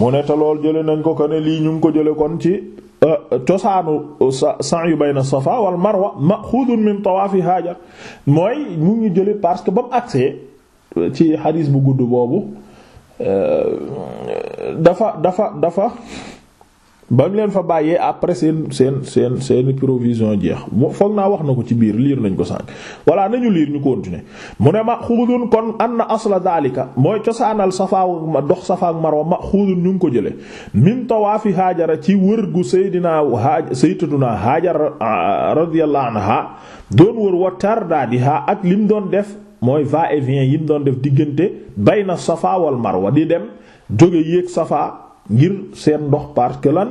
mu ne te lool jële nañ ko ko ne lii ñu ngi ko jële kon ci euh, cosaanu euh, sa'yu bayna safa wal marwa maxuudun min tawaafi haajar mooy mu ngi jële parce que ba mu agsee euh, ci xadiis bu gudd boobu dafa dafa dafa ba mu leen fa bàyyee après seen seen seen seen provision jeex foog naa wax na ko ci biir liir nañ ko sànq voilà nañu liir ñu continuer mu ne ma maxuudun kon an na asla daalika mooy cosaanal safa ak dox safa ak marwa maxuudun ñu ngi ko jële min tawaafi haajara ci wër gu saydinaa haaj sayyidatuna hajar radiyallahu anha doon wër wa tardaadiha ak lim doon def mooy va et vient yim doon def diggante bay na wal marwa di dem jóge yéeg safa ngir seen ndox parce que lan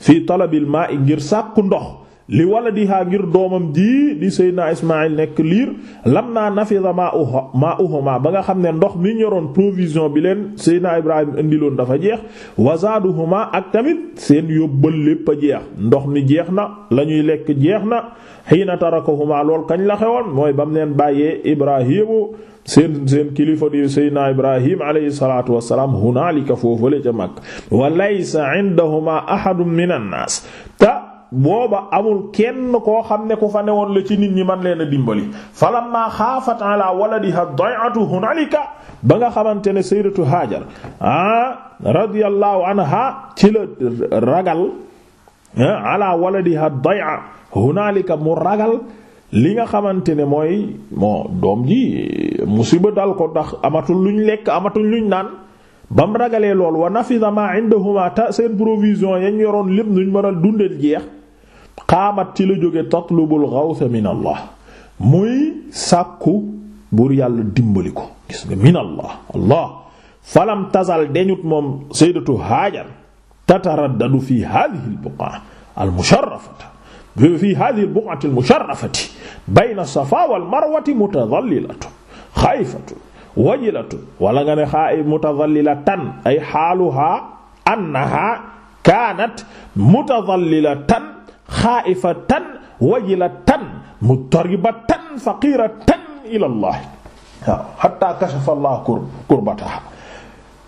fii talabil maa i ngir sàkku ndox li waladihaa ngir doomam ji di Seydina Ismaïl nekk liir lam naa nafida maa uha maa uhuma ba nga xam ne ndox mi ñoroon provision bi leen Seydina Ibrahim indiloon dafa jeex wazaduhuma ak tamit seen yóbbal lépp a jeex ndox mi jeex na la ñuy lekk jeex na xiina tarakahuma lool kañ la xewoon mooy bam leen bàyyee Ibrahimu seen seen kilifa di seydina ibrahim alayhi salatu wasalaam hunaalika foofale ca mag wa laysa indahuma ahadun min annaas booba amul kenn koo xam ne ku fa newoon la ci nit ñi man leen a dimbali falamma xaafat ala waladiha dayatu hunalika ba nga xamante ne sayyidatu hajar ah radiyallahu anha ci la ragal ah, ala waladiha daya hunalika mu ragal li nga xamante ne mooy moo doom ji musiba dal ko ndax amatul luñ lekk amatul luñ naan bam ragalee lool wa nafida ma indahuma ta seen provision yañ yoroon lépp nuñ mën a dundeel jeex xaamat ci la jóge tatlubul ghawth min allah muy sàkku buur yàlla dimbali ko gis nga min allah allah falam tazal deñut moom sayyidatu hajar tataraddadu fi hadhihi al buqa al musharrafata fi hadhihi al-buq'ati al-musharrafati bayna as-safa wal-marwati mutadhallilatun khayfatun wajilatun wala nga ne xaa mutadhallilatan ay xaaluha annaha kaanat mutadhallilatan xaaifatan wajilatan mutaribatan faqiratan ila Allah waaw hatta kashafa Allah kurbataha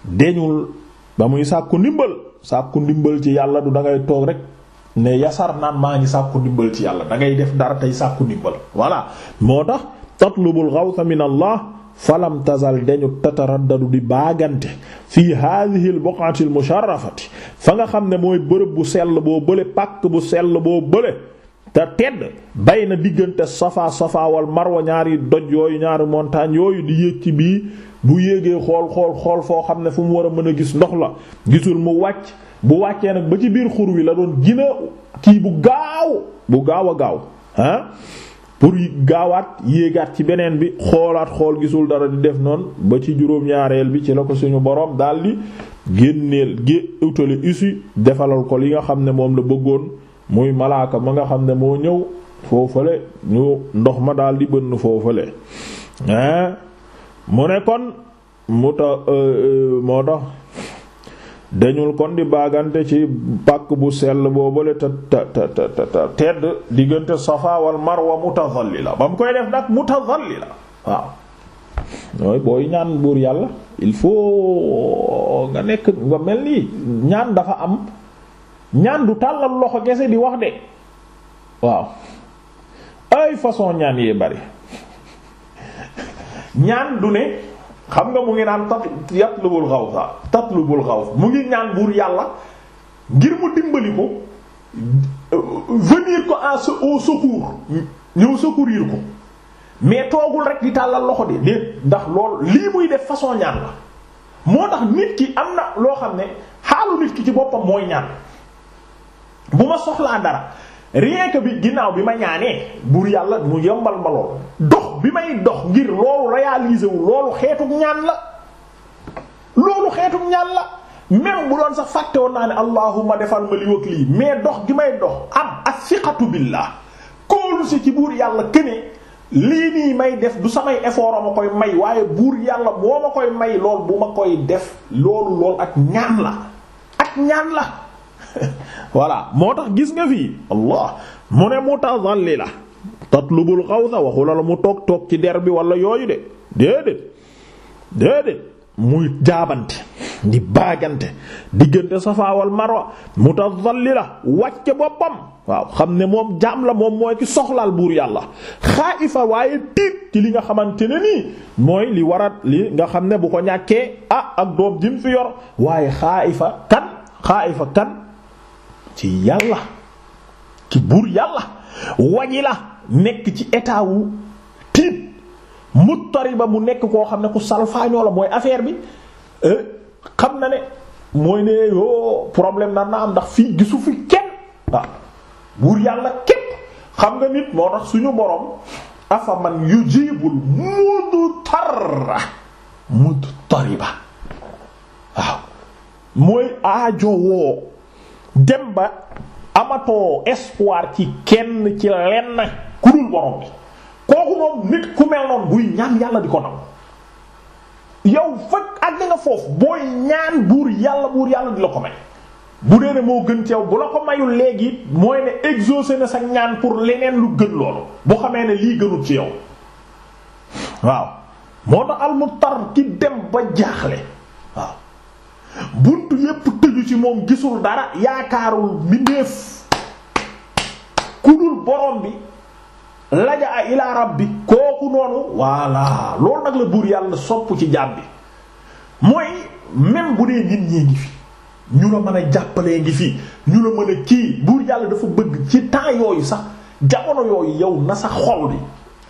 deñul ba muy sàkku ndimbal sàkku ndimbal ci yàlla du dangay toog rek ne yasar naan maa ngi sàkku ndimbal ci yàlla da ngay def dara tey sàkku ndimbal voilà moo tax tatlubul ghawtha min allah falam tazal dañu tataraddadu di baagante fii hadhihi al buq'ati al musharrafati fa nga xam ne mooy bërëb bu sell boo bële pàkk bu sell boo bële te tedd bay na diggante safa safa wal marwa ñaari doj yooyu ñaari montagne yooyu di yéeg ci bii bu yéegee xool xool xool foo xam ne fu mu war a mën a gis ndox la gisul mu wàcc bu wàccee nag ba ci biir xur wi la doon gina kii bu gaaw bu gaaw a gaaw ah pour gaawaat yéegaat ci beneen bi xoolaat xool gisul dara di def noonu ba ci juróom-ñaareel bi ci la ko suñu boroom daldi génneel gé utale ussi defalal ko li nga xam ne moom la bëggoon muy malaaka ma nga xam ne moo ñëw foofale ñu ndox ma daldi bënn foofale ah mu ne kon mu ta euh, euh, moo tax dañul kon di baagante ci pàkk bu sell boobale te te te tedd diggante Safa wal Marwa mutazallila ba mu koy def nag mutazallila waaw mooy booy ñaan buur yàlla il faut nga nekk nga mel nii ñaan dafa am ñaan du tàllal loxo gese di wax de waaw ay façon ñaan yee bari ñaan du ne xam nga mu ngi naan tat yatlubul xawsa tatlubul xaws mu ngi ñaan buur yàlla ngir mu dimbali ko venir ko au secours ñëw secourir ko mais toogul rek di tàllal loxo de déet ndax lool lii muy def façon ñaan la moo tax nit ki am na loo xam ne xaalu nit ki ci boppam mooy ñaan bu ma soxlaa dara rien bi ginnaaw bi ma ñaanee buur yàlla mu yombal ma lool dox bi may dox ngir loolu réaliser wu loolu xeetuk ñaan la loolu xeetuk ñaan la même bu doon sax fàtte woon naa ne allahumma defal ma lii ak lii mais dox gi may dox am asiqatu billah kóolu si ci buur yàlla këne lii nii may def du samay effort ma koy may waaye buur yàlla boo ma koy may lool bu ma koy def loolu lool ak ñaan la ak ñaan la voilà moo tax gis nga fii allah mu ne mutazallila tatlubul xawsa waxula la mu toog toog ci der bi wala yooyu de déedéet déedéet muy jaabante di baagante diggante safaawal marwa mutazallila wàcce boppam waaw xam ne moom jaam la moom mooy ki soxlaal buur yàlla xaayifa waaye tiit ci li nga xamante ne nii mooy li warat li nga xam ne bu ko ñàkkee ah ak doom jim fi yor waaye xaayifa kan xaayifa kan ci yàlla ci buur yàlla waji la nekk ci état wu tiit muttariba mu nekk koo xam ne ku salfaañoo la mooy affaire bi euh, xam na ne mooy ne yoo problème na am ndax fii gisu fi kenn ah, buur yàlla képp xam nga nit moo tax suñu borom afa man yujibul mudutarra mudtariba waaw mooy aajowoo dem ba amatoo espoir ci kenn ci lenn ku dul borom bi kooku moom nit ku mel noonu buy ñaan yàlla di ko naw yow faj àgg nga foofu booy ñaan buur yàlla buur yàlla di la ko may bu dee ne moo gën ci yow bu la ko mayul léegi mooy ne exaucé na sa ñaan pour leneen lu gën loolu bu xamee ne lii gënul ci yow waaw moo tax almutar ki dem ba jaaxle waaw buntu yépp tëju ci moom gisul dara yaakaarul bindeef ku dul borom bi laja a ila rabbi kooku noonu walla loolu nag la buur yàlla sopp ci jàpp bi mooy même bu dee nit ñee ngi fi ñu la mën a jàppalee ngi fi ñu la mën a kii buur yàlla dafa bëgg ci temps yooyu sax jamono yooyu yow na sa xol bi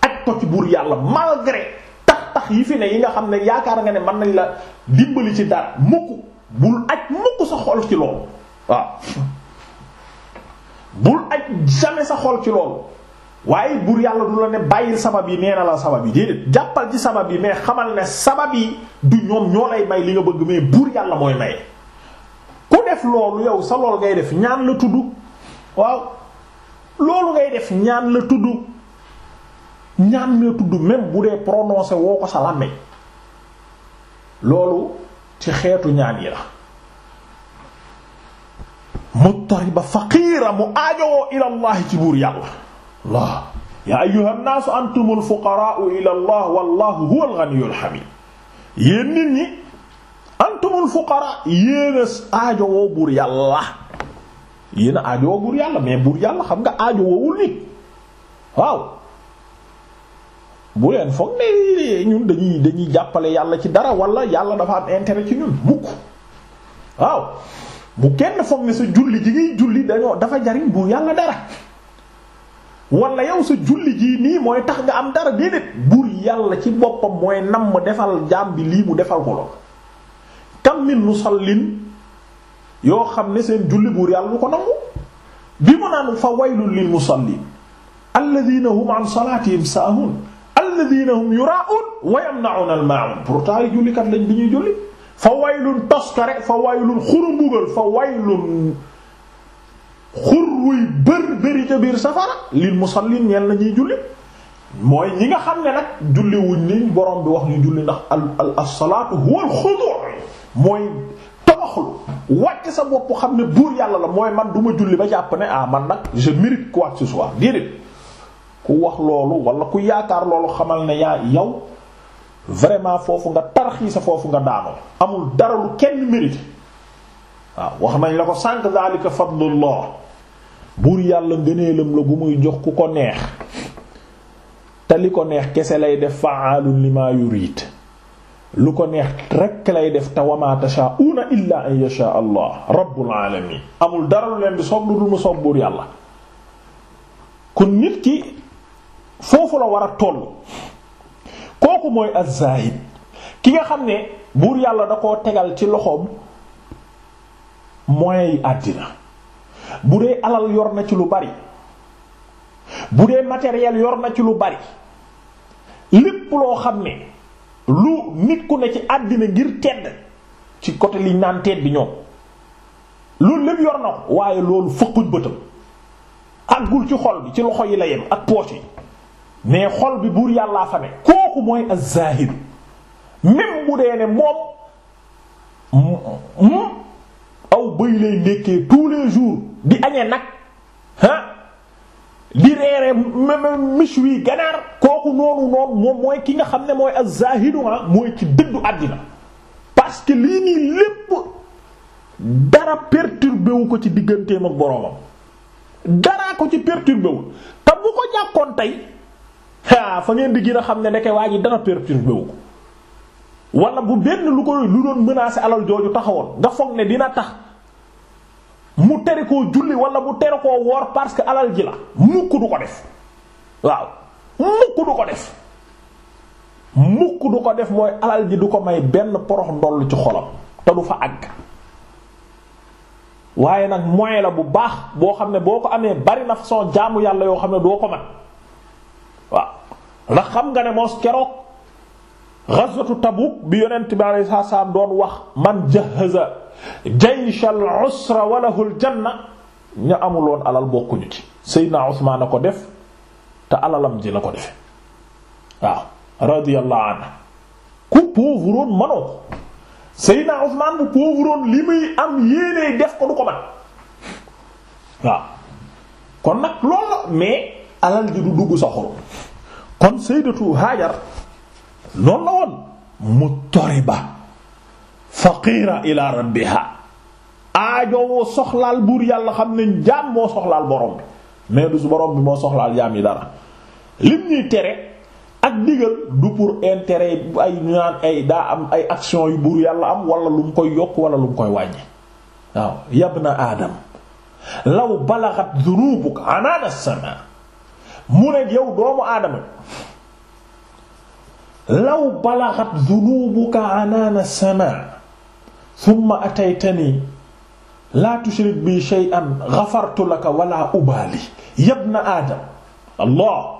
ak ko buur yàlla malgré tax tax yi fi ne yi nga xam ne yaakaar nga ne man nañ la dimbali ci dara mukk bul aj mukk sa xol ci loolu waaw bul aj jamais sa xol ci loolu waaye buur yàlla du la ne bàyyil sabab yi nee na la sabab yi déedéet jàppal ci sabab yi mais xamal ne sabab yi du ñoom ñoo lay may li nga bëgg mais buur yàlla mooy maye ku def loolu yow sa lool ngay def ñaan la tudd waaw loolu ngay def ñaan la tudd ñaan la tudd même bu dee prononcé woo ko sa làmmeñ loolu ci xeetu ñaan yi la muttariba faqiira mu aajowoo ila allah ci buur yàlla allah yaa ayyuha nnaasu antumul fuqaraau ila allah wallahu huwa alganiyul hamid yéen nit ñi antumul fuqaraa yéen a aajowoo buur yàlla xam nga aajowoo wul nit bu leen foog ne ñun dañuy dañuy jàppale yàlla ci dara walla yàlla dafa am intérêt ci ñun mukk waaw bu kenn foog ne sa julli ji ngay julli dañoo dafa jariñ bu yàlla dara wala yow sa julli ji nii mooy tax nga am dara déedéet buur yàlla ci boppam mooy nam defal jaam bi lii mu defal ko lool kam min musallin yoo xam ne seen julli buur yàlla bu ko nangu bi mu naan fa waylul lil musallin alladhina hum an salatihim saahun alladhina hum yura'un wa yamna'una al-ma'un pourtant ay jullikat lañ di ñuy julli fa waylun toskare fa waylun xurumbugal fa waylun xur wuy bër bëri ca biir safara lil musallin ñeen la ñuy julli mooy ñi nga xam ne nag julli wuñ liñ borom bi wax ñu julli ndax al as-salaatu huwa al-xudu' mooy tabaxlu wàcc sa bopp xam ne buur yàlla la mooy man du ma julli ba jàpp ne ah man nag je mérite quoi que ce soit déedéet ku wax loolu wala ku yaakaar loolu xamal na yaa yow vraiment foofu nga tarxi sa foofu nga daanoo amul dara lu kenn mérite waaw wax nañ la ko sànq daalika fadlullah buur yàlla ngëneelam la bu muy jox ku ko neex te li ko neex kese lay def fa'aalun lima yurid lu ko neex rekk lay def te wama tashaa'una illa an yasha allah rabbul alamin amul dara lu leen di soob lu dul mu soob buur yàlla kon nit ki la war a toll kooku mooy az-zahid xam ne buur yàlla da koo tegal ci loxoom moyens yi àddina bu yor na ci lu bari bu dee matériel yor na ci lu bari loo xam ne lu nit ku ci àddina ngir tedd ci côté liñ naan tedd ñoom loolu lépp yor na ko waaye loolu fëquñ bëtam àggul ci xol bi ci loxo yi la yem ak poche mais xol bi buur yàllaa fa ne kooku mooy az-zaahidu même bu dee ne moom aw bëy lay ndekkee tous les jours di añee nag ah di reere mich wi ganaar kooku noonu noonu moom mooy ki nga xam ne mooy az-zaahidu ah, mooy ci dëddu àddina parce que lii nii lépp dara perturbé ko ci digganteem ak boroomam daraa ko ci perturbé te bu ko jàkkoon tey ah fa ngeen di gën a xam ne ndeke waa ji dara perturbé wu ko wala bu benn lu ko lu doon menacé alal jooju taxawoon nga foog ne dina tax mu tere koo julli wala mu tere koo woor parce que alal ji la mukk du ko def waaw mukk du ko def mukk du ko def mooy alal ji du ko may benn porox ndoll ci xolam te du fa àgg waaye nag moyen la bu baax boo xam ne boo ko amee bari na façon jaamu yàlla yoo xam ne doo ko man ndax xam nga ne moos keroog ghazwatu Tabuk bi yonent bi alayhi doon wax man jahaza jaysh al usra wa lahu al janna ña amuloon ci Seydina Usmaan a ko def te alalam ji la ko defe waaw radiyallahu anhu ku pauvre woon manoo ko Seydina bu pauvre woon li am yéene def ko du ko man waaw kon nag loolu mais alal ji du dugg sa kon sayyidatu Hajar loolu la woon muttariba faqiira ila rabbiha aajowoo soxlaal buur yàlla xam ne jaam moo soxlaal borom bi mais du su borom bi moo soxlaal jaam yi dara lim ñuy tere ak digal du pour intérêt ay ñaan ay daa am ay action yu buur yàlla am walla lu mu koy yokk wala lu mu koy wàññi waaw yabna aadam law balaxat dunubuka anaana sama mu ne yow doomu aadama law balaxat dunuubuka anaana samaa summa ataytani laa tushrik bi shay'an xafartu laka wala ubaali yabna aadam allah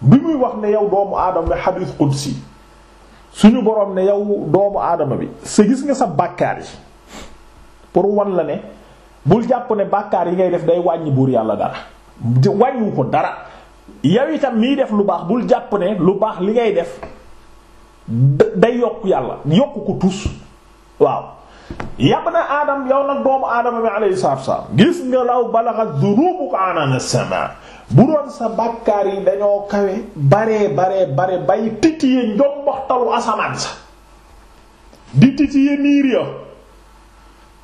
bi muy wax ne yow doomu aadama suñu boroom ne yow doomu aadama bi sa gis nga sa bàkkaar yi pour wan la ne bul jàpp ne bàkkaar yi ngay def day wàññi buur yàlla dara wàññiwu ko dara yow itam miy def lu baax bul jàpp ne lu baax li ngay def day yokk yàlla yokk ko tus waaw yab na aadam yow nag doomu aadama bi alayhi salaatu wasalaam gis nga law balaxat dunubuka anana sama bu doon sa bàkkaar yi dañoo kawe baree bare bay titiye njomboxtalu asamaan sa di titiye niir ya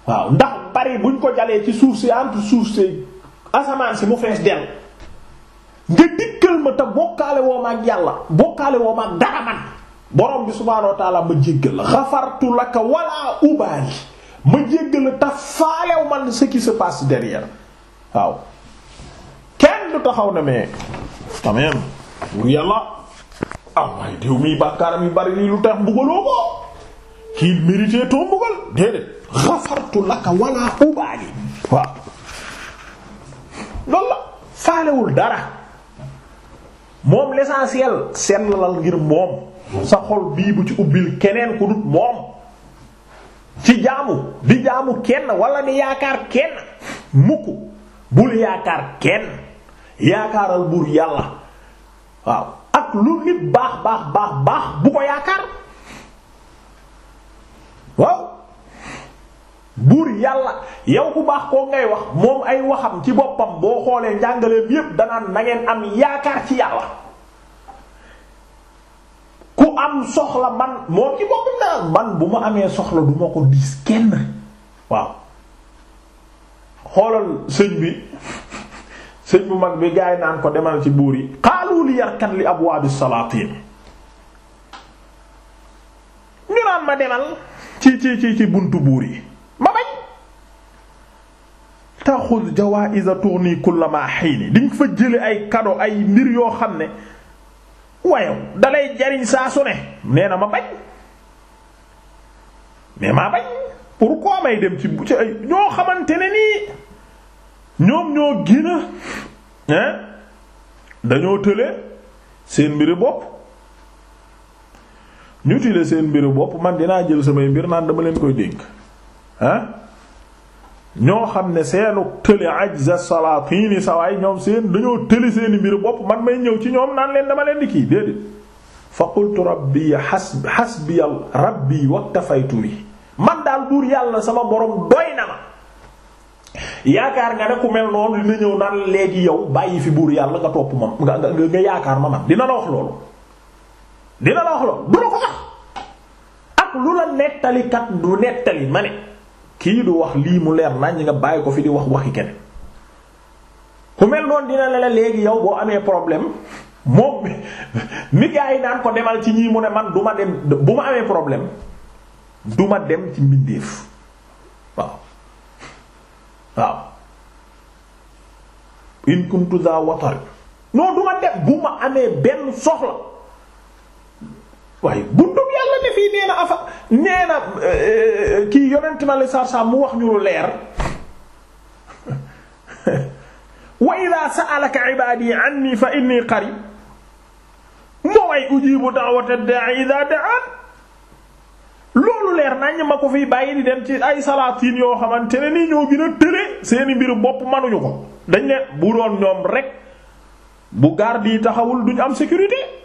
waaw ndax bari buñ ko jalee ci suuf si entre suuf si asamaan si mu fees dell ma te bokkaale woo ma yàlla bokkaale woo ma ak dara man borom bi subhaanahu wa ma jéggal xafartu laka wala ubaali ma jéggal te yu bari lii faalewul dara moom l'essentiel sellalal ngir moom sa xol bii bu ci ubbil keneen ku dut moom ci jaamu di jaamu kenn wala di yaakaar kenn mukk bul yaakaar kenn yaakaaral buur yàlla waaw ak lu nit baax baax baax bu ko yaakaar waaw buur yàlla yow ku baax koo ngay wax moom ay waxam ci boppam boo xoolee njàngaleem yépp danaan na am yaakaar ci yàlla ku am soxla man moom ci boppam danaan man bu ma amee soxla du ma ko diis kenn waaw xoolal sëñ bi sëñ bu mag bi gaay naan ko demal ci buur yi xaalu li yarkan li abwaabi salaatin ñu naan ma demal ci ci ci ci buntu buur yi ma bañ taxul jawaa'iza tughni kullama hiini di nga fa jële ay kado ay mbir yoo xam ne wayow dalay jariñ saa su ne na ma bañ mais maa bañ pourquoi may dem ci ñoo xamante ne nii ñoom ñoo gina hein dañoo tële seen mbiri bopp ñu tële seen mbiri bopp man dinaa jël samay mbir naan dama leen koy dénk ah ñoo xam ne seenu tële ajza salaatini sawaay ñoom seen dañoo tëli seeni mbir bopp man may ñëw ci ñoom naan leen dama leen di kii déedéet fa qultu rabbi hasbi hasbi rabbi waktafaytu bi man daal buur yàlla sama borom doy na ma yaakaar nga ne ku mel noonu dina ñëw naan léegi yow bàyyi fi buur yàlla nga topp ma nga nga yaakaar ma man dina la wax loolu dina la wax loolu du la ko sax ak lu la nettalikat du nettali ma ne kii du wax lii mu leer nañ nga bàyyi ko fi di wax waxi kenn ku mel noonu dina la léegi yow boo amee problème moom mi gaa yi naan ko demal ci ñii mu ne man duma ma dem bu ma amee problème du ma dem ci mbindeef waaw waaw in kuntu za watar non du ma dem bu ma amee benn soxla waaye bu yàlla ne fii nee afa nee euh, kii yonent ma la sarsa mu wax ñu lu leer wa idha sa'alaka ibadi anni fa inni qarib moo way ujibu da'wata da'i idha da'an loolu leer nañ ma ko fi bàyyi di dem ci ay salaatin yoo xamante ne nii ñoo gën tëre seeni mbiru bopp manuñu ko dañ leen bu doon ñoom rek bu garde yi taxawul duñ am sécurité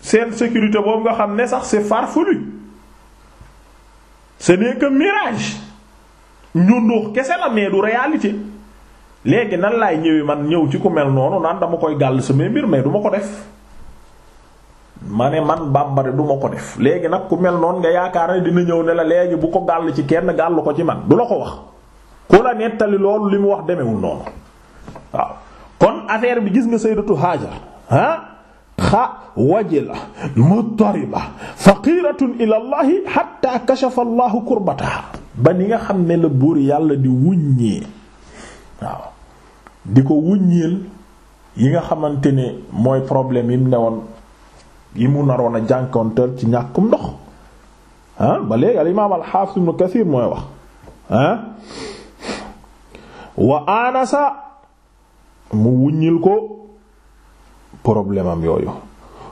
seen sécurité boobu nga xam ne sax c'est farfelu ce n'est que mirage ñundux kese la mais du réalité léegi nan laay ñëwee man ñëw ci ku mel noonu naan dama koy gàll samay mbir mais duma ko def ma ne man bàmbare du ma ko def léegi nag ku mel noonu nga yaakaar ne dina ñëw ne la léegi bu ko gàll ci kenn gàll ko ci man du la ko wax ku la nettali loolu li mu wax demewul noonu waaw kon affaire bi gis nga sayyidatu Hajar ah xa wajila mutariba faqiratun ila allahi hatta kashafa allahu kurbataha ba ni nga xam ne la buur yàlla di wuññee waaw di ko wuññeel yi nga xamante ne mooy problème yi mu newoon yi mu naroon a jànkonteel ci ñàkkum ndox ah ba léegi al imaam al xaafis ibnu kasiir mooy wax ah wa anasa mu wuññil ko problème am yooyu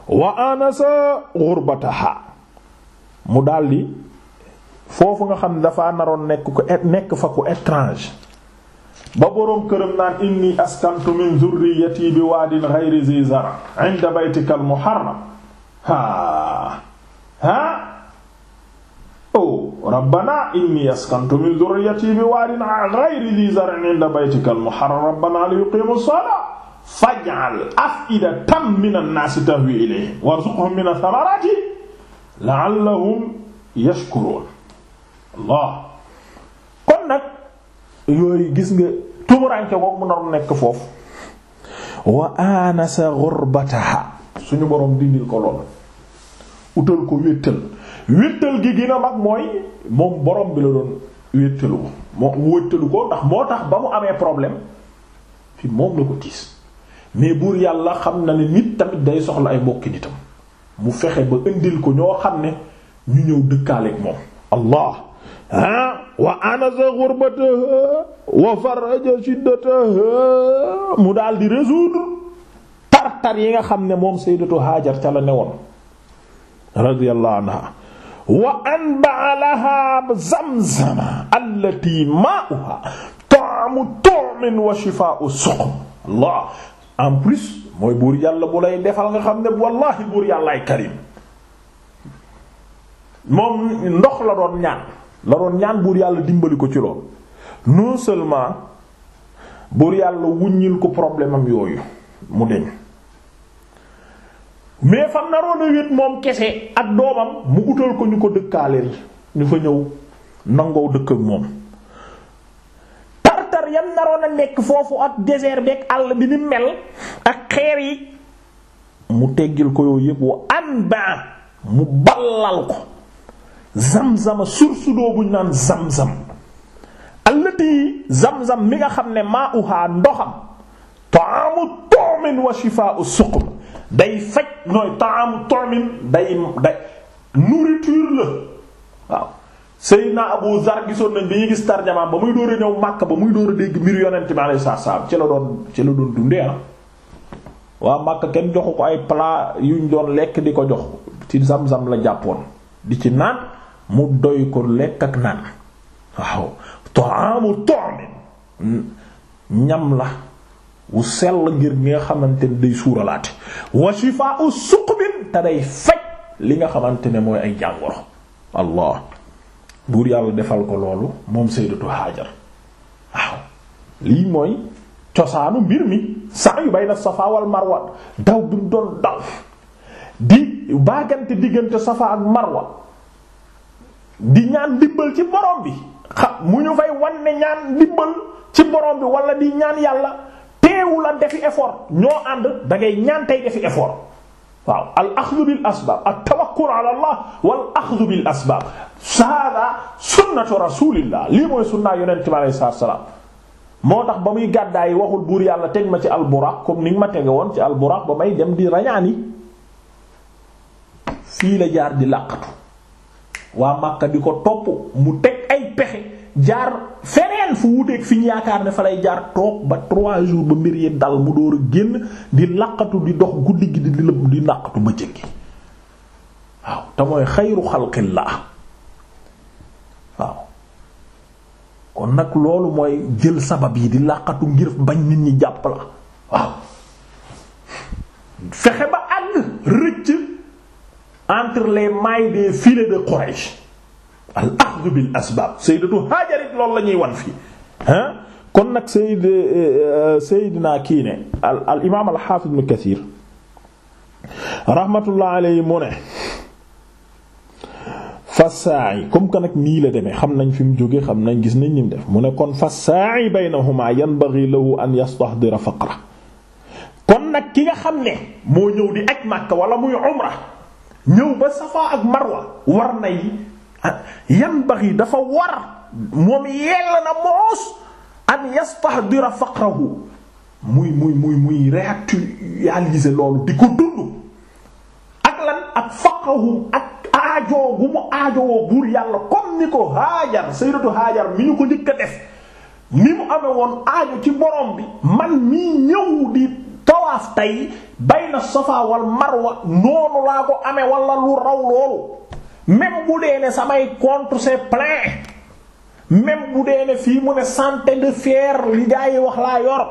wa anasa xurbataha mu daldi foofu nga xam ne dafa naroon nekk ko e-, nekk fa ko étrange ba boroom këram naan inni askantu min zurriyati bi waadin ghayri zi zara inda baytika al muharram ha ha o oh, rabbana inni askantu min zurriyati bi waadin ghayri zi zara inda baytika al muharram rabbana li yuqimu as faj'al af'idatan mina naasi tahwii ilayhim warzuqhum mina thamaraati la'allahum yashkuruun Allah kon nag yooyu gis nga tumuraanke boobu mu nar nekk foofu. wa aanasa gurbataha suñu borom dindil ko lool utal ko wéttal wéttal gi gën mag mooy moom boroom bi la doon wéttalu ko moo wéttalu ko ndax moo tax ba mu amee problème fi moom la ko tiis. mais buur yàlla xam na ne nit tamit day soxla ay mbokki nitam mu fexe ba indil ko ñoo xam ne ñu ñëw dëkkaaleeg moom allah ah wa anasa xurbataha wa faraja shiddataha mu di résoudre yi nga xam ne moom sayyidatu hajar ca la ne woon radiyallahu anha wa anba'a laha zamzama allati ma'uha ta'amu wa shifaa'u suqm allah en plus mooy buur yàlla bu lay defal nga xam ne wallahi buur yàllaay karim moom ndox la doon ñaan la doon ñaan buur yàlla dimbali ko ci lool non seulement buur yàlla wuññil ko problème am yooyu mu deñ mais fam naroon a wét moom kese ak doomam mu utal ko ñu ko dëkkaaleel ñu fa ñëw nangoo dëkk moom naroon a nekk foofu ak désert beeg àll bi ni mel ak xeer yi mu teggil ko yooyu yëpp wa an ba mu ballal ko zam-zama source bu ñu naan zam-zam allati zam mi nga xam ne maa uhaa ndoxam taamu toomin wa shifaa'u suqm day faj nooy taamu toomin day day nourriture la waaw naa Abu Zar gisoon nañ ñu gis tarjamaam ba muy door a ñëw Makka ba muy door a dégg mbir yonent bi alayhi salaam ci la ci la doon dundee ah. waa Makka kenn joxu ko ay plat yuñ doon lekk di ko jox ci sam zam la jàppoon di ci naan mu doy ko lekk ak naan waaw ta'amu ta'min ñam la wu sell ngir nga xamante ne day suuralaate wa shifaa'u suqmin te day faj li nga xamante ne mooy ay jàngoro allah buur yàlla defal ko loolu moom sayyidatu Hajar waaw lii mooy cosaanu mbir mi sax yu bayna Safa wal Marwa daw bi mu doon daw di baagante diggante Safa ak Marwa di ñaan ndimbal ci borom bi xa mu ñu fay wan ne ñaan ndimbal ci borom bi wala di ñaan yàlla teewu la defi effort ñoo ànd dangay ngay ñaan tey defi effort waaw al axdu bil asbaab at tawakkul ala allah wal axdu bil asbaab hada sunnatu rasulillah lii mooy sunnaa yonent bi alayhi salaatu wa salaam moo tax ba muy gàddaay waxul buur yàlla teg ma ci alburaq comme ni nga ma tege woon ci alburaq ba may dem di rañaani fii la jaar di làqatu waa Makka di ko topp mu teg jaar feneen fu wuteeg fi yaakaar ne fa lay jaar toog ba trois jours ba mbir yi dal mu door a génn di laqatu di dox guddi gi di lëb di laqatu bëccëg gi waaw te mooy xayru xalqillah waaw kon nag loolu mooy jël sabab yi di laqatu ngir bañ nit ñi jàpp la waaw fexe ba àgg rëcc entre les mailles de filets de Quraish al axdu bil asbaab sayyidatu Haajar it la ñuy wan fii ah kon nag sayyid eh, eh, sayyidina kii ne al al imaam al xaafis ibn Kasiir rahmatullah alayhi mu ne fasaa'i comme que nag nii la demee xam nañ fi mu jóge xam nañ gis nañ mu def mu ne kon fasaa'i baynahuma yanbaghi lahu an nag ki nga xam ne ñëw di aj Makka wala muy umra ñëw ba Safa ak Marwa war nay Ah, yan yi dafa war moom yell na moos an yastahdira faqrahu muy muy muy muy réactualiser loolu di ko dund ak lan ak faqrahu ak aajoo gu mu aajowoo buur yàlla comme ni ko Haajar sayyidatu Haajar mi ñu ko njëkk a def ni mu amee woon aajo ci borom bi man mii ñëw di tawaaf tey bayna Safa wal Marwa noonu laa ko amee wala lu raw loolu même bu dee ne samay contre c'est plein même bu dee ne fii mu ne santé de fer li gaa yi wax laa yor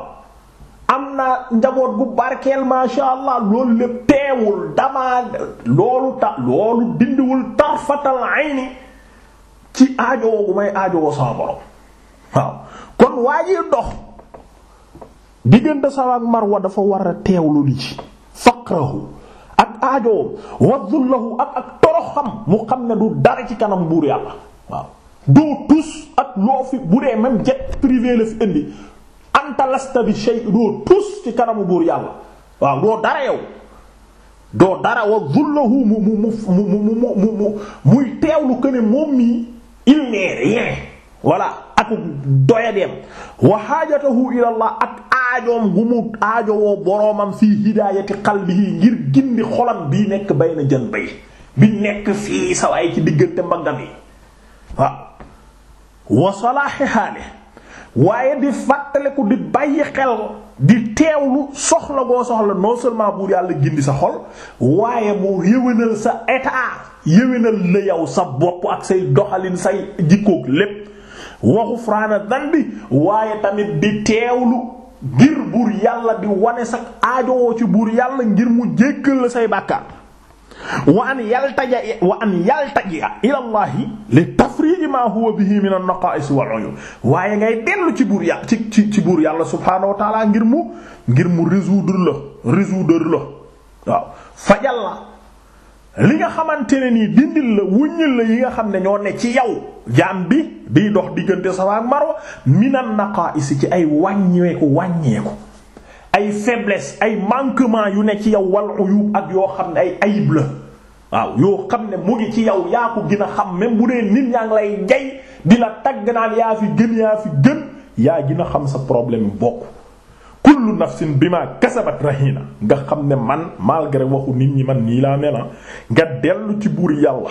am na njaboot gu barkeel masha allah loolu lépp teewul damaa loolu ta loolu dindiwul tarfatal ayni ci aajowoo gu may aajowoo sama borom waaw kon waa dox diggante Safa ak Marwa dafa war a teewlu li ci faqrahu aajoom wa zullahu ak ak toroxam mu xam ne du dara ci kanam buur yàlla waaw doo tus ak loo fi bu dee même jet privé la fi indi anta lasta bi shay doo tus ci kanamu buur yàlla waaw doo dara yow doo dara wa zullahu mu mu mu mu mu mu muy teewlu que ne moom mii il n'est rien voilà ak doyadeem wa xaajatahu ilallah ak aajoom gu mu aajowoo boroomam fii hidaayati qalbihi ngir gindi xolam bii nekk bayna jën bay bi nekk fii sawaay ci diggante mbaggam yi waaw wa waaye di fàttaliku di bàyyi xel di teewlu soxla goo soxla non seulement buur yàlla gindi sa xol waaye mu yëwénal sa état yëwénal la yow sa bopp ak say doxalin say jikkoog lépp wa ghufraana danbi waaye tamit di teewlu ngir buur yàlla di wane sax aajowoo ci buur yàlla ngir mu jéggal la say bàkkaar wa an yaltaja wa an yaltaja ilallahi li tafriji ma huwa bihi min an-naqa'is wal 'uyub waaye ngay dellu ci buur yàlla ci ci ngir mu ngir mu résoudre la résoudre la waaw fajal la li nga xamante ne nii dindil la wuññil la yi nga xam ne ñoo ne ci yow jaam bi biy dox diggante sa Safa ak Marwa minan naqaa'is ci ay wàññeeku wàññeeku ay faiblesse ay manquement yu ne ci yow wal ak yoo xam ne ay ayib la waaw yoo xam ne mu ngi ci yow yaa ko gin a xam même bu dee nit ñaa ngi lay jay di la tagg naan yaa fi gën yaa fi gën yaa gën a xam sa problème bokk kullu nafsin bima kasabat rahina nga xam ne man malgré waxu nit ñi man nii laa mel ah. nga dellu ci buur yàlla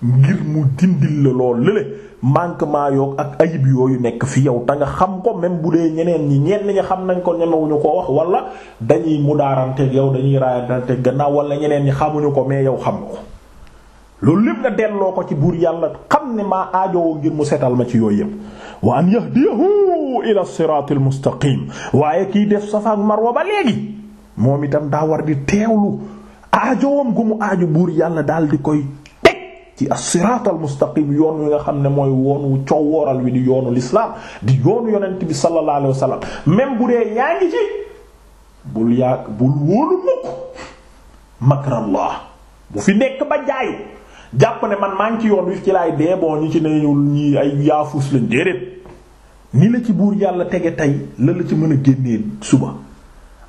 ngir mu dindil la lool lële manquement yoog ak ayib yooyu nekk fi yow te nga xam ko même bu dee ñeneen ñi ñenn ñi xam nañ ko ñemewuñu ko wax wala dañuy mudaaranteeg yow dañuy raayanteeg gannaaw wala ñeneen ñi xamuñu ko mais yow xam ko loolu lépp nga delloo ko ci buur yàlla xam ne maa aajowoo ngir mu setal ma ci yooyu yëpp. wa an yahdiyahu ila waaye kiy def safa ak marwa ba léegi moom itam daa war di teewlu aajowam gu mu aajo buur yàlla daal di koy teg ci as-siraat yoon wi nga xam ne mooy woonu coowooral wi di yoonu lislaam di yoonu yonent bi sallallahu alayhi wa sallam même bu dee yaa ngi ci bul yaa bul wóolu mukk makrallah bu fi nekk ba jaayu jàpp ne man maa ngi ci yoon wi ci laay dee bon ci ne ñu ñi ay yaafus lañ déedéet ni la ci buur yàlla tege tey la la ci mën a génnee suba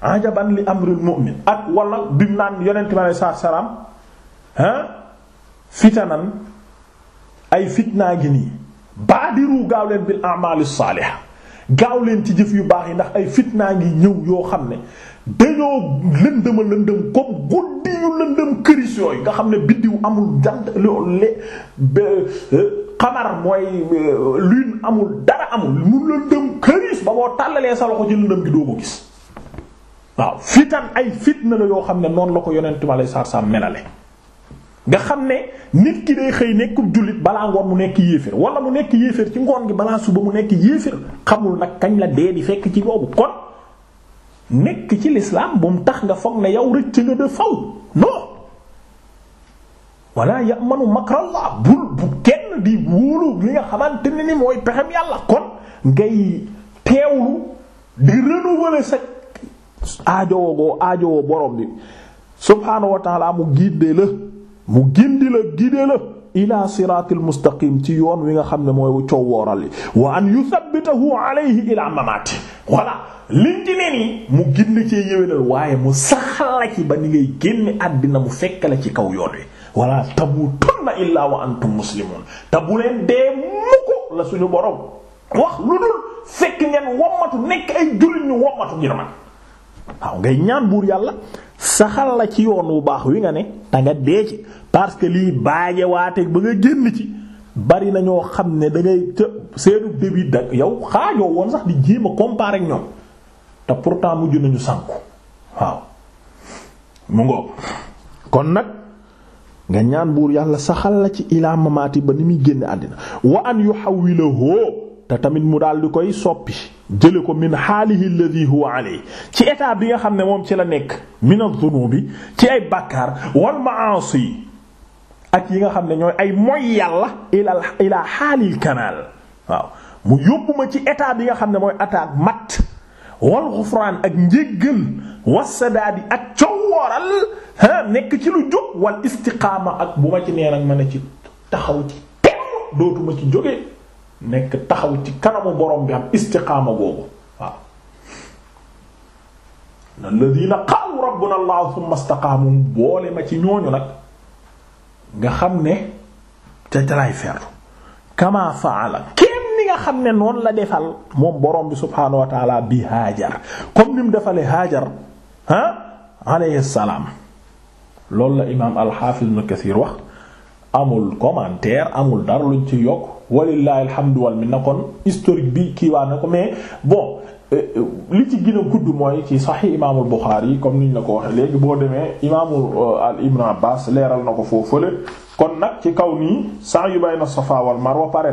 ajaban li amril mu'min ak wala bimu naan yonent mi salaam ah fitanan ay fitnaa gi nii baadiru gaaw leen bil a'malis salihah gaaw leen ci jëf yu baax yi ndax ay fit naa ngi ñëw yoo xam ne dañoo lëndëma lëndëm comme guddi yu lëndëm këris yooyu nga xam ne biddiw amul jant euh, mooy euh, lune amul dara amul mu lëndëm këris ba boo tàllalee sa loxo ci lëndëm gi doo ko gis waaw fitan ay fitna la yoo xam ne noonu la ko yonentu ma lay saar melale nga xam ne nit ki day xëy nekkub jullit balaa ngoon mu nekk yéeféer wala mu nekk yéeféer ci ngoon gi balaa suba mu nekk yéeféer xamul nag kañ la dee di fekk ci boobu kon nekk ci lislaam bu mu tax nga foog ne yow rëcc nga de faw non wala ya'manu makrallah bul bu kenn di wóolu li nga xamante ni mooy pexem yàlla kon ngay teewlu di renouveler sa aajowoo goo aajowoo borom bi subhaanahu wa ta'ala mu la mu gindi la gide la ila siraatil mustaqim ci yoon wi nga xam ne mooy coow wooral li wa an yuthabbitahu alayhi ila mamati voilà liñ ci ne nii mu gindi cee yéwénal waaye mu saxla ci ba ni ngay génne àddina mu fekk la ci kaw yoon wi wala tamuutunna illaa wa antum muslimun te bu leen dee mukk la suñu borom wax lu dul fekk ngeen wommatu nekk ay jullit ñu wommatu ngir man waaw ngay ñaan buur yàlla saxal la ci yoon wu baax wi nga ne ta nga dee parce que lii baaje waate ba nga génn ci bari na ñoo xam ne dangay ngay të seenu début yow xaajoo woon sax di jéem a comparer ak ñoom te pourtant mujj nañu sànku waaw mu ngoog kon nag nga ñaan buur yàlla saxal la ci ilaa mamaati ba ni muy génn àddina wa an yuhawwilahu te tamit mu daal di koy soppi jële ko min xaalihi alladhi huwa alayhi ci état bi nga xam ne moom ci la nekk min adh-dhunubi ci ay bàkkaar wal ma'asi ak yi nga xam ne ñooy ay moy yàlla ila ilaa xaalil kanaal waaw mu yóbbu ma ci etaa bi nga xam ne mooy attaque mat wal xufraan ak njéggal wasadaadi ak cowooral ha nekk ci lu jóg wal istiqaama ak bu ma ci nee nag ma ne ci taxaw ci temm dootuma ci jóge nekk taxaw ci kanamu borom bi am istiqaama boobu waaw alladina qaalu rabbuna allah thumma istaqaamu boole ma ci ñooñu nag nga xam ne ca jalaay fer kama faala kenn nga xam ne noonu la defal moom borom bi subhaanahu wa bi haajar comme ni mu defalee haajar ah alayhi salaam loolu la imaam alxaafiz ibn Kasiir wax amul commentaire amul dara luñ ci yokk walillahi alhamdu wal minna kon historique bi kii waa na ko mais bon Euh, li ci gën a gudd mooy ci saxi imaamul Buxaari comme niñ la ko waxee léegi boo demee imaamul euh, al Ibn Abbas leeral na ko foofu fële kon nag ci kaw nii saa yu bayna Safa wal Marwa pare